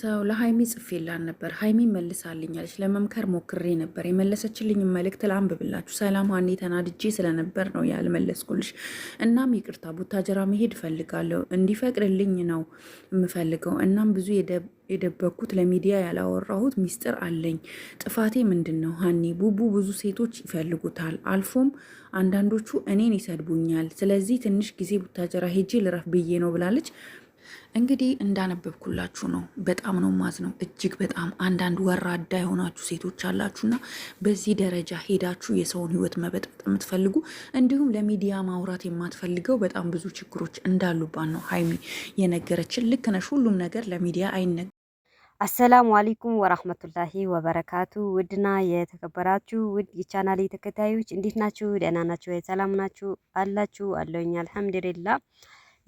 ሰው ለሀይሚ ጽፌላን ነበር። ሀይሚ መልሳልኛለች። ለመምከር ሞክሬ ነበር። የመለሰችልኝ መልእክት ላንብብላችሁ። ሰላም ሀኔ፣ ተናድጄ ስለነበር ነው ያልመለስኩልሽ። እናም ይቅርታ፣ ቡታጀራ መሄድ እፈልጋለሁ። እንዲፈቅድልኝ ነው የምፈልገው። እናም ብዙ የደበኩት ለሚዲያ ያላወራሁት ሚስጥር አለኝ። ጥፋቴ ምንድን ነው? ሀኒ ቡቡ ብዙ ሴቶች ይፈልጉታል። አልፎም አንዳንዶቹ እኔን ይሰድቡኛል። ስለዚህ ትንሽ ጊዜ ቡታጀራ ሄጄ ልረፍ ብዬ ነው ብላለች። እንግዲህ እንዳነበብኩላችሁ ነው። በጣም ነው ማዝ ነው እጅግ በጣም አንዳንድ ወራዳ የሆናችሁ ሴቶች አላችሁና በዚህ ደረጃ ሄዳችሁ የሰውን ህይወት መበጥበጥ የምትፈልጉ እንዲሁም ለሚዲያ ማውራት የማትፈልገው በጣም ብዙ ችግሮች እንዳሉባት ነው ሀይሚ የነገረችን። ልክ ነሽ። ሁሉም ነገር ለሚዲያ አይነገ አሰላሙ አለይኩም ወራህመቱላሂ ወበረካቱ። ውድና የተከበራችሁ ውድ የቻናሌ ተከታዮች እንዴት ናችሁ? ደህና ናችሁ? ሰላም ናችሁ? አላችሁ አለኝ። አልሐምዱሊላህ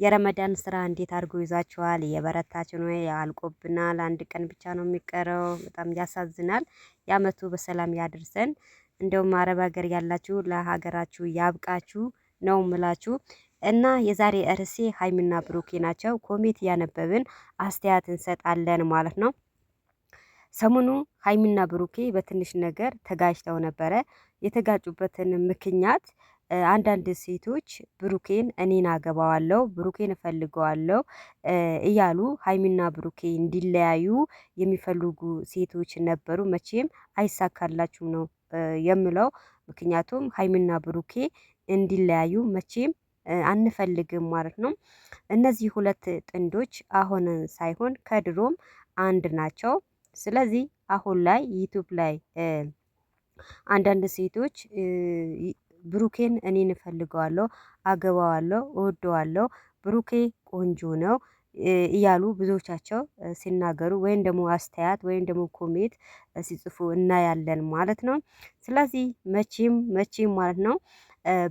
የረመዳን ስራ እንዴት አድርጎ ይዟችኋል? የበረታችን ነው አልቆብናል። አንድ ቀን ብቻ ነው የሚቀረው። በጣም ያሳዝናል። የአመቱ በሰላም ያድርሰን። እንደውም አረብ ሀገር ያላችሁ ለሀገራችሁ ያብቃችሁ ነው ምላችሁ እና የዛሬ እርሴ ሀይሚና ብሩኬ ናቸው። ኮሜት እያነበብን አስተያየት እንሰጣለን ማለት ነው። ሰሞኑ ሀይሚና ብሩኬ በትንሽ ነገር ተጋጭተው ነበረ። የተጋጩበትን ምክንያት አንዳንድ ሴቶች ብሩኬን እኔን አገባዋለሁ፣ ብሩኬን እፈልገዋለሁ እያሉ ሀይሚና ብሩኬ እንዲለያዩ የሚፈልጉ ሴቶች ነበሩ። መቼም አይሳካላችሁም ነው የምለው። ምክንያቱም ሀይሚና ብሩኬ እንዲለያዩ መቼም አንፈልግም ማለት ነው። እነዚህ ሁለት ጥንዶች አሁን ሳይሆን ከድሮም አንድ ናቸው። ስለዚህ አሁን ላይ ዩቱብ ላይ አንዳንድ ሴቶች ብሩኬን እኔ እፈልገዋለሁ፣ አገባዋለሁ፣ እወደዋለሁ፣ ብሩኬ ቆንጆ ነው እያሉ ብዙዎቻቸው ሲናገሩ ወይም ደግሞ አስተያየት ወይም ደግሞ ኮሜት ሲጽፉ እናያለን ማለት ነው። ስለዚህ መቼም መቼም ማለት ነው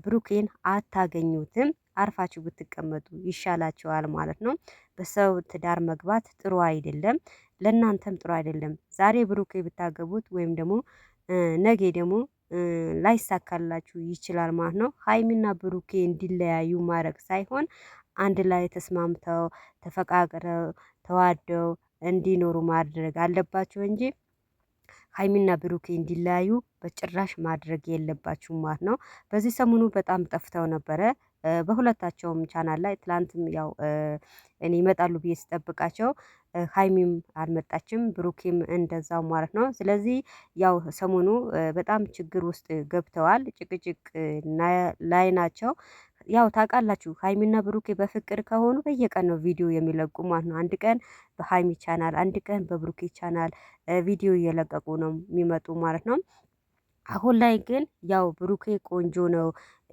ብሩኬን አታገኙትም። አርፋችሁ ብትቀመጡ ይሻላችኋል ማለት ነው። በሰው ትዳር መግባት ጥሩ አይደለም፣ ለእናንተም ጥሩ አይደለም። ዛሬ ብሩኬ ብታገቡት ወይም ደግሞ ነገ ደግሞ ላይሳካላችሁ ይችላል ማለት ነው። ሀይሚና ብሩኬ እንዲለያዩ ማድረግ ሳይሆን አንድ ላይ ተስማምተው ተፈቃቅረው ተዋደው እንዲኖሩ ማድረግ አለባቸው እንጂ ሀይሚና ብሩኬ እንዲለያዩ በጭራሽ ማድረግ የለባችሁም ማለት ነው። በዚህ ሰሞኑ በጣም ጠፍተው ነበረ። በሁለታቸውም ቻናል ላይ ትላንትም ያው እኔ ይመጣሉ ብዬ ስጠብቃቸው ሀይሚም አልመጣችም፣ ብሩኬም እንደዛው ማለት ነው። ስለዚህ ያው ሰሞኑ በጣም ችግር ውስጥ ገብተዋል። ጭቅጭቅ ላይ ናቸው። ያው ታውቃላችሁ ሀይሚና ብሩኬ በፍቅር ከሆኑ በየቀን ነው ቪዲዮ የሚለቁ ማለት ነው። አንድ ቀን በሀይሚ ቻናል፣ አንድ ቀን በብሩኬ ቻናል ቪዲዮ እየለቀቁ ነው የሚመጡ ማለት ነው። አሁን ላይ ግን ያው ብሩኬ ቆንጆ ነው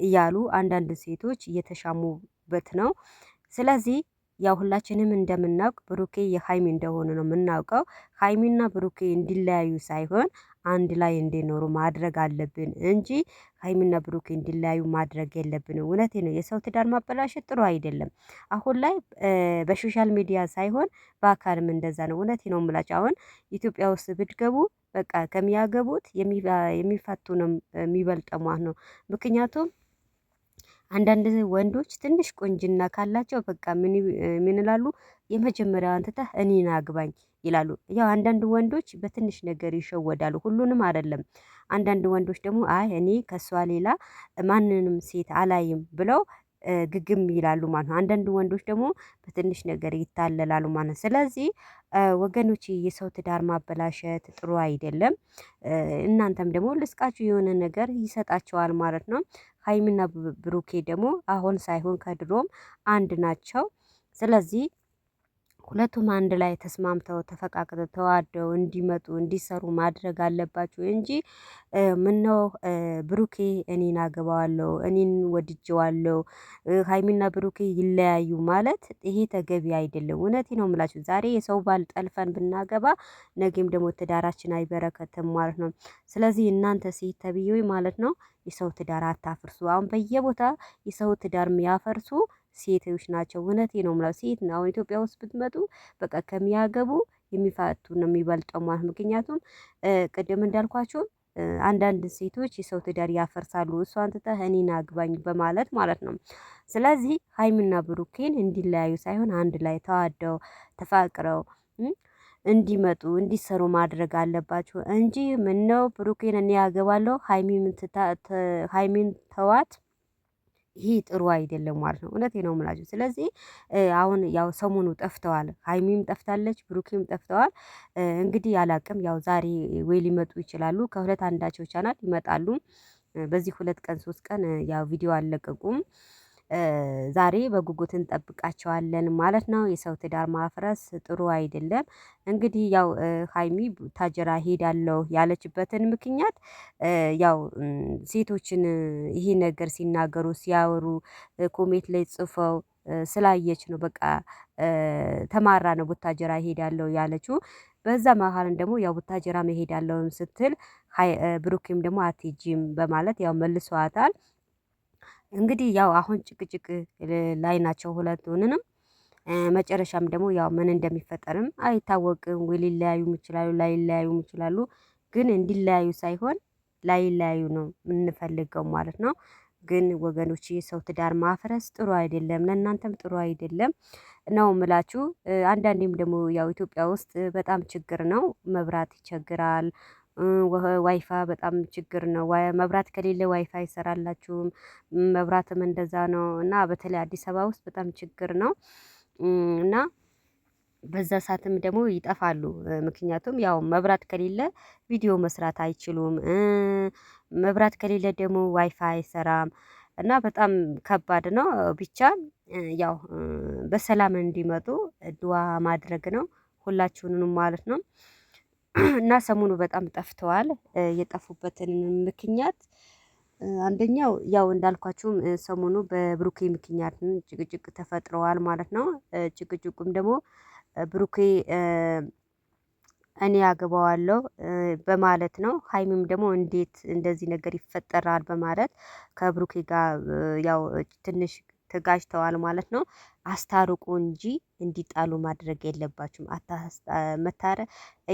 እያሉ አንዳንድ ሴቶች እየተሻሙበት ነው። ስለዚህ ያው ሁላችንም እንደምናውቅ ብሩኬ የሀይሚ እንደሆነ ነው የምናውቀው። ሀይሚና ብሩኬ እንዲለያዩ ሳይሆን አንድ ላይ እንዲኖሩ ማድረግ አለብን እንጂ ሀይሚና ብሩክ እንዲለያዩ ማድረግ የለብንም። እውነቴ ነው። የሰው ትዳር ማበላሸት ጥሩ አይደለም። አሁን ላይ በሶሻል ሚዲያ ሳይሆን በአካልም እንደዛ ነው። እውነቴ ነው የምላቸው። አሁን ኢትዮጵያ ውስጥ ብትገቡ በቃ ከሚያገቡት የሚፈቱንም ነው ነው። ምክንያቱም አንዳንድ ወንዶች ትንሽ ቁንጅና ካላቸው በቃ ምን ይላሉ? የመጀመሪያዋን ትተህ እኔን አግባኝ ይላሉ። ያው አንዳንድ ወንዶች በትንሽ ነገር ይሸወዳሉ፣ ሁሉንም አይደለም። አንዳንድ ወንዶች ደግሞ አይ እኔ ከእሷ ሌላ ማንንም ሴት አላይም ብለው ግግም ይላሉ ማለት ነው። አንዳንድ ወንዶች ደግሞ በትንሽ ነገር ይታለላሉ ማለት ነው። ስለዚህ ወገኖች የሰው ትዳር ማበላሸት ጥሩ አይደለም። እናንተም ደግሞ ልስቃችሁ የሆነ ነገር ይሰጣቸዋል ማለት ነው። ሀይሚና ብሩኬ ደግሞ አሁን ሳይሆን ከድሮም አንድ ናቸው። ስለዚህ ሁለቱም አንድ ላይ ተስማምተው ተፈቃቅተው ተዋደው እንዲመጡ እንዲሰሩ ማድረግ አለባችሁ እንጂ ምነው ብሩኬ እኔን አገባዋለሁ እኔን ወድጀዋለሁ ሀይሚና ብሩኬ ይለያዩ ማለት ይሄ ተገቢ አይደለም። እውነቴ ነው የምላችሁ። ዛሬ የሰው ባል ጠልፈን ብናገባ ነገም ደግሞ ትዳራችን አይበረከትም ማለት ነው። ስለዚህ እናንተ ሴት ተብዬ ማለት ነው የሰው ትዳር አታፍርሱ። አሁን በየቦታ የሰው ትዳር የሚያፈርሱ ሴቶች ናቸው። እውነቴ ነው የምላው ሴት ነው። አሁን ኢትዮጵያ ውስጥ ብትመጡ በቃ ከሚያገቡ የሚፋቱ ነው የሚበልጠው ማለት ምክንያቱም ቅድም እንዳልኳቸው አንዳንድ ሴቶች የሰው ትዳር ያፈርሳሉ። እሷን ትተህ እኔን አግባኝ በማለት ማለት ነው። ስለዚህ ሀይሚና ብሩኬን እንዲለያዩ ሳይሆን አንድ ላይ ተዋደው ተፋቅረው እንዲመጡ እንዲሰሩ ማድረግ አለባቸው እንጂ ምነው ብሩኬን እኔ ያገባለሁ ሀይሚን ተዋት ይሄ ጥሩ አይደለም ማለት ነው። እውነቴን ነው የምላችሁ። ስለዚህ አሁን ያው ሰሞኑ ጠፍተዋል፣ ሀይሚም ጠፍታለች፣ ብሩኬም ጠፍተዋል። እንግዲህ ያላቅም ያው ዛሬ ወይ ሊመጡ ይችላሉ፣ ከሁለት አንዳቸው ቻናል ይመጣሉ። በዚህ ሁለት ቀን ሶስት ቀን ያው ቪዲዮ አልለቀቁም። ዛሬ በጉጉት እንጠብቃቸዋለን ማለት ነው። የሰው ትዳር ማፍረስ ጥሩ አይደለም። እንግዲህ ያው ሀይሚ ታጀራ ሄዳለሁ ያለችበትን ምክንያት ያው ሴቶችን ይሄ ነገር ሲናገሩ ሲያወሩ ኮሜት ላይ ጽፈው ስላየች ነው። በቃ ተማራ ነው ቡታጀራ ሄዳለሁ ያለችው። በዛ መሃልን ደግሞ ያው ቡታጀራ መሄድ ስትል ብሩኬም ደግሞ አትሄጂም በማለት ያው መልሰዋታል። እንግዲህ ያው አሁን ጭቅጭቅ ላይ ናቸው ሁለቱንም። መጨረሻም ደግሞ ያው ምን እንደሚፈጠርም አይታወቅም። ወይ ሊለያዩም ይችላሉ፣ ላይለያዩም ይችላሉ። ግን እንዲለያዩ ሳይሆን ላይለያዩ ነው የምንፈልገው ማለት ነው። ግን ወገኖች የሰው ትዳር ማፍረስ ጥሩ አይደለም፣ ለእናንተም ጥሩ አይደለም ነው ምላችሁ። አንዳንዴም ደግሞ ያው ኢትዮጵያ ውስጥ በጣም ችግር ነው። መብራት ይቸግራል። ዋይፋይ በጣም ችግር ነው። መብራት ከሌለ ዋይፋ አይሰራላችሁም። መብራትም እንደዛ ነው እና በተለይ አዲስ አበባ ውስጥ በጣም ችግር ነው። እና በዛ ሰዓትም ደግሞ ይጠፋሉ ምክንያቱም ያው መብራት ከሌለ ቪዲዮ መስራት አይችሉም። መብራት ከሌለ ደግሞ ዋይፋ አይሰራም። እና በጣም ከባድ ነው። ብቻ ያው በሰላም እንዲመጡ ድዋ ማድረግ ነው ሁላችሁንም ማለት ነው እና ሰሞኑ በጣም ጠፍተዋል። የጠፉበትን ምክንያት አንደኛው ያው እንዳልኳችሁም ሰሞኑ በብሩኬ ምክንያት ጭቅጭቅ ተፈጥረዋል ማለት ነው። ጭቅጭቁም ደግሞ ብሩኬ እኔ አገባዋለሁ በማለት ነው። ሀይሚም ደግሞ እንዴት እንደዚህ ነገር ይፈጠራል በማለት ከብሩኬ ጋር ያው ትንሽ ተጋጅተዋል ማለት ነው። አስታርቁ እንጂ እንዲጣሉ ማድረግ የለባችሁም። መታረ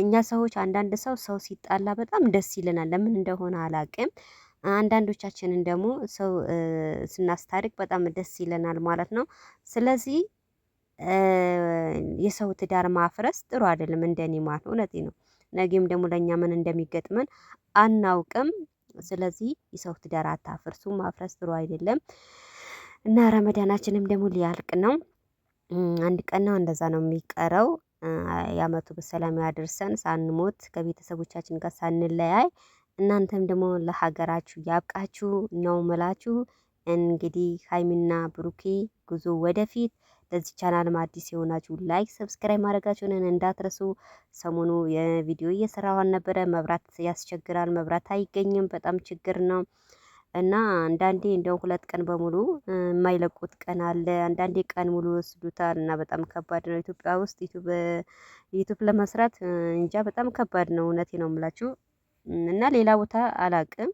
እኛ ሰዎች አንዳንድ ሰው ሰው ሲጣላ በጣም ደስ ይለናል። ለምን እንደሆነ አላቅም። አንዳንዶቻችንን ደግሞ ሰው ስናስታርቅ በጣም ደስ ይለናል ማለት ነው። ስለዚህ የሰው ትዳር ማፍረስ ጥሩ አይደለም፣ እንደኔ ማለት ነው። እውነቴ ነው። ነገም ደግሞ ለእኛ ምን እንደሚገጥመን አናውቅም። ስለዚህ የሰው ትዳር አታፍርሱ። ማፍረስ ጥሩ አይደለም። እና ረመዳናችንም ደግሞ ሊያልቅ ነው። አንድ ቀን ነው እንደዛ ነው የሚቀረው። የአመቱ በሰላም ያደርሰን፣ ሳንሞት ከቤተሰቦቻችን ጋር ሳንለያይ እናንተም ደግሞ ለሀገራችሁ ያብቃችሁ ነው ምላችሁ። እንግዲህ ሀይሚና ብሩኬ ጉዞ ወደፊት። ለዚህ ቻናልም አዲስ የሆናችሁ ላይክ፣ ሰብስክራይብ ማድረጋችሁንን እንዳትረሱ። ሰሞኑ የቪዲዮ እየሰራሁ ነበረ። መብራት ያስቸግራል፣ መብራት አይገኝም፣ በጣም ችግር ነው። እና አንዳንዴ እንደው ሁለት ቀን በሙሉ የማይለቁት ቀን አለ አንዳንዴ ቀን ሙሉ ወስዱታል እና በጣም ከባድ ነው። ኢትዮጵያ ውስጥ ዩቱብ ለመስራት እንጃ በጣም ከባድ ነው እውነቴ ነው የምላችሁ። እና ሌላ ቦታ አላቅም።